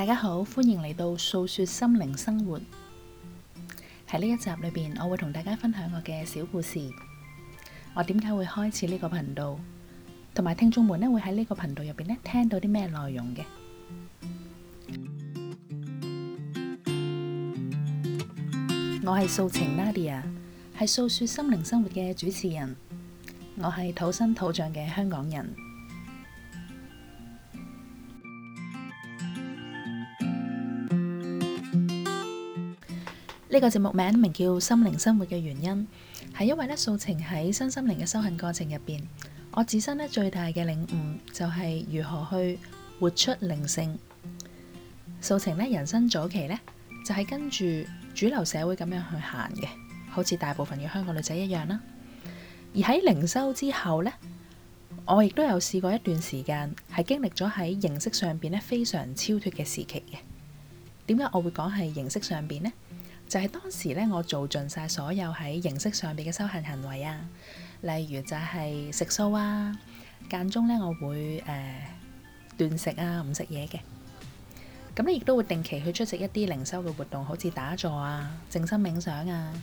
大家好，歡迎嚟到素說心靈生活。喺呢一集裏邊，我會同大家分享我嘅小故事。我點解會開始呢個頻道？同埋聽眾們咧，會喺呢個頻道入邊咧，聽到啲咩內容嘅？我係素晴 Nadia，係素說心靈生活嘅主持人。我係土生土長嘅香港人。呢個節目名名叫《心靈生活》嘅原因，係因為呢，素晴喺新心靈嘅修行過程入邊，我自身呢，最大嘅領悟就係如何去活出靈性。素晴呢，人生早期呢，就係跟住主流社會咁樣去行嘅，好似大部分嘅香港女仔一樣啦。而喺靈修之後呢，我亦都有試過一段時間係經歷咗喺形式上邊呢，非常超脫嘅時期嘅。點解我會講係形式上邊呢？就係當時咧，我做盡晒所有喺形式上邊嘅修行行為啊，例如就係食素啊，間中咧我會誒、呃、斷食啊，唔食嘢嘅。咁咧亦都會定期去出席一啲靈修嘅活動，好似打坐啊、靜心冥想啊。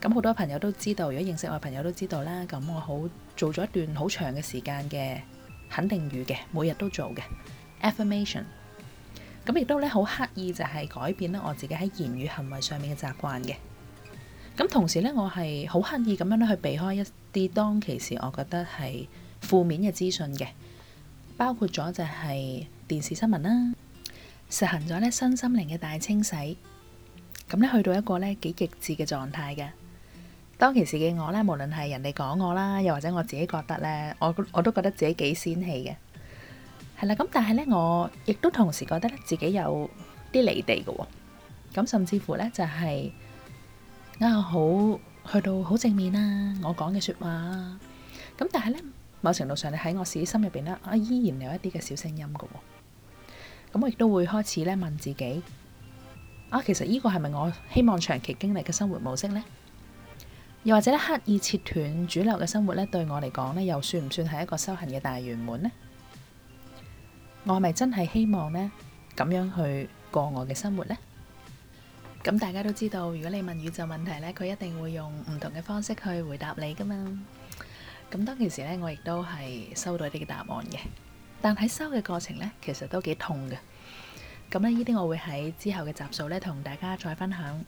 咁好多朋友都知道，如果認識我嘅朋友都知道啦。咁我好做咗一段好長嘅時間嘅肯定語嘅，每日都做嘅 affirmation。Aff 咁亦都咧好刻意就係改變咧我自己喺言語行為上面嘅習慣嘅。咁同時咧，我係好刻意咁樣去避開一啲當其時我覺得係負面嘅資訊嘅，包括咗就係電視新聞啦，實行咗呢新心靈嘅大清洗。咁咧去到一個咧幾極致嘅狀態嘅。當其時嘅我咧，無論係人哋講我啦，又或者我自己覺得咧，我我都覺得自己幾仙氣嘅。係啦，咁但係咧，我亦都同時覺得咧，自己有啲離地嘅喎。咁甚至乎咧，就係啊，好去到好正面啦，我講嘅説話。咁但係咧，某程度上，你喺我自己心入邊咧，啊，依然有一啲嘅小聲音嘅喎。咁我亦都會開始咧問自己：啊，其實呢個係咪我希望長期經歷嘅生活模式咧？又或者咧，刻意切斷主流嘅生活咧，對我嚟講咧，又算唔算係一個修行嘅大圓滿咧？我係咪真係希望呢咁樣去過我嘅生活呢？咁大家都知道，如果你問宇宙問題呢，佢一定會用唔同嘅方式去回答你㗎嘛。咁當其時呢，我亦都係收到一啲嘅答案嘅，但喺收嘅過程呢，其實都幾痛嘅。咁呢，呢啲我會喺之後嘅集數呢，同大家再分享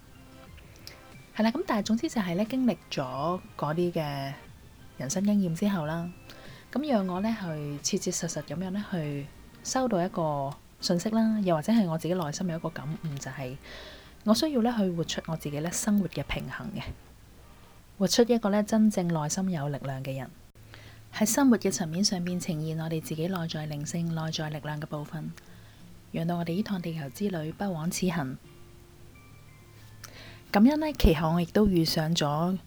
係啦。咁但係總之就係呢，經歷咗嗰啲嘅人生經驗之後啦，咁讓我呢去切切實實咁樣呢去。收到一個信息啦，又或者係我自己內心有一個感悟，就係我需要呢去活出我自己呢生活嘅平衡嘅，活出一個呢真正內心有力量嘅人，喺生活嘅層面上面呈現我哋自己內在靈性、內在力量嘅部分，讓到我哋呢趟地球之旅不枉此行。咁樣呢其後我亦都遇上咗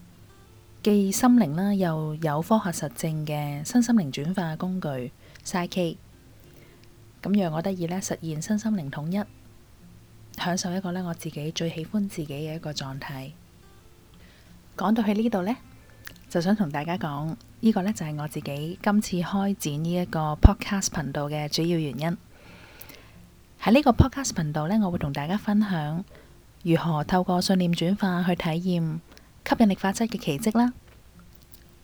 既心靈啦，又有科學實證嘅新心靈轉化工具。S. K. 咁讓我得以咧，實現身心靈統一，享受一個咧我自己最喜歡自己嘅一個狀態。講到喺呢度呢，就想同大家講，呢、呢個呢，就係我自己今次開展呢一個 podcast 頻道嘅主要原因。喺呢個 podcast 頻道呢，我會同大家分享如何透過信念轉化去體驗吸引力法則嘅奇跡啦。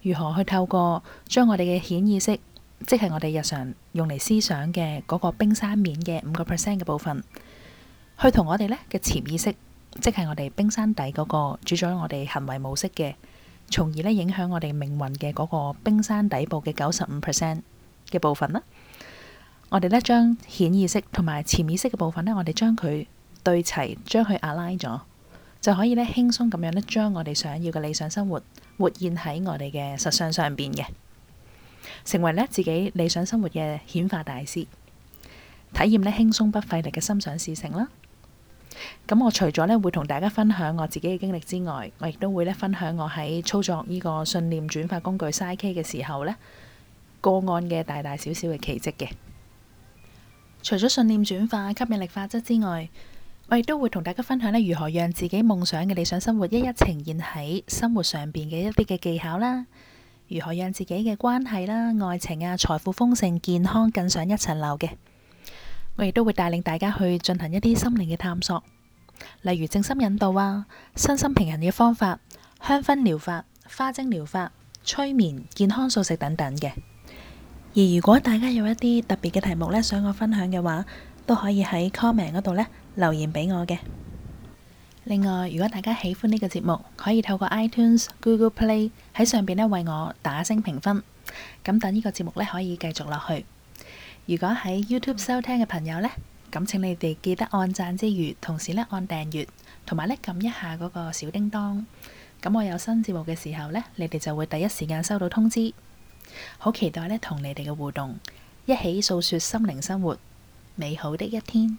如何去透過將我哋嘅顯意識，即係我哋日常用嚟思想嘅嗰個冰山面嘅五個 percent 嘅部分，去同我哋呢嘅潛意識，即係我哋冰山底嗰個主宰我哋行為模式嘅，從而呢影響我哋命運嘅嗰個冰山底部嘅九十五 percent 嘅部分啦。我哋呢將顯意識同埋潛意識嘅部分呢，我哋將佢對齊，將佢 align 咗，就可以呢輕鬆咁樣呢將我哋想要嘅理想生活活現喺我哋嘅實相上邊嘅。成為咧自己理想生活嘅顯化大師，體驗咧輕鬆不費力嘅心想事成啦。咁我除咗咧會同大家分享我自己嘅經歷之外，我亦都會咧分享我喺操作呢個信念轉化工具 PSYCH-K 嘅時候咧個案嘅大大小小嘅奇蹟嘅。除咗信念轉化、吸引力法則之外，我亦都會同大家分享咧如何讓自己夢想嘅理想生活一一呈，呈現喺生活上面嘅一啲嘅技巧啦。如何讓自己嘅關係啦、愛情啊、財富豐盛、健康更上一層樓嘅？我亦都會帶領大家去進行一啲心靈嘅探索，例如靜心引導啊、身心平衡嘅方法、香薰療法、花精療法、催眠、健康素食等等嘅。而如果大家有一啲特別嘅題目呢，想我分享嘅話，都可以喺 comment 嗰度呢留言俾我嘅。另外，如果大家喜歡呢個節目，可以透過 iTunes、Google Play。喺上邊呢為我打星評分，咁等呢個節目呢可以繼續落去。如果喺 YouTube 收聽嘅朋友呢，咁請你哋記得按讚之餘，同時呢按訂閱，同埋呢撳一下嗰個小叮噹。咁我有新節目嘅時候呢，你哋就會第一時間收到通知。好期待呢同你哋嘅互動，一起素說心靈生活美好的一天。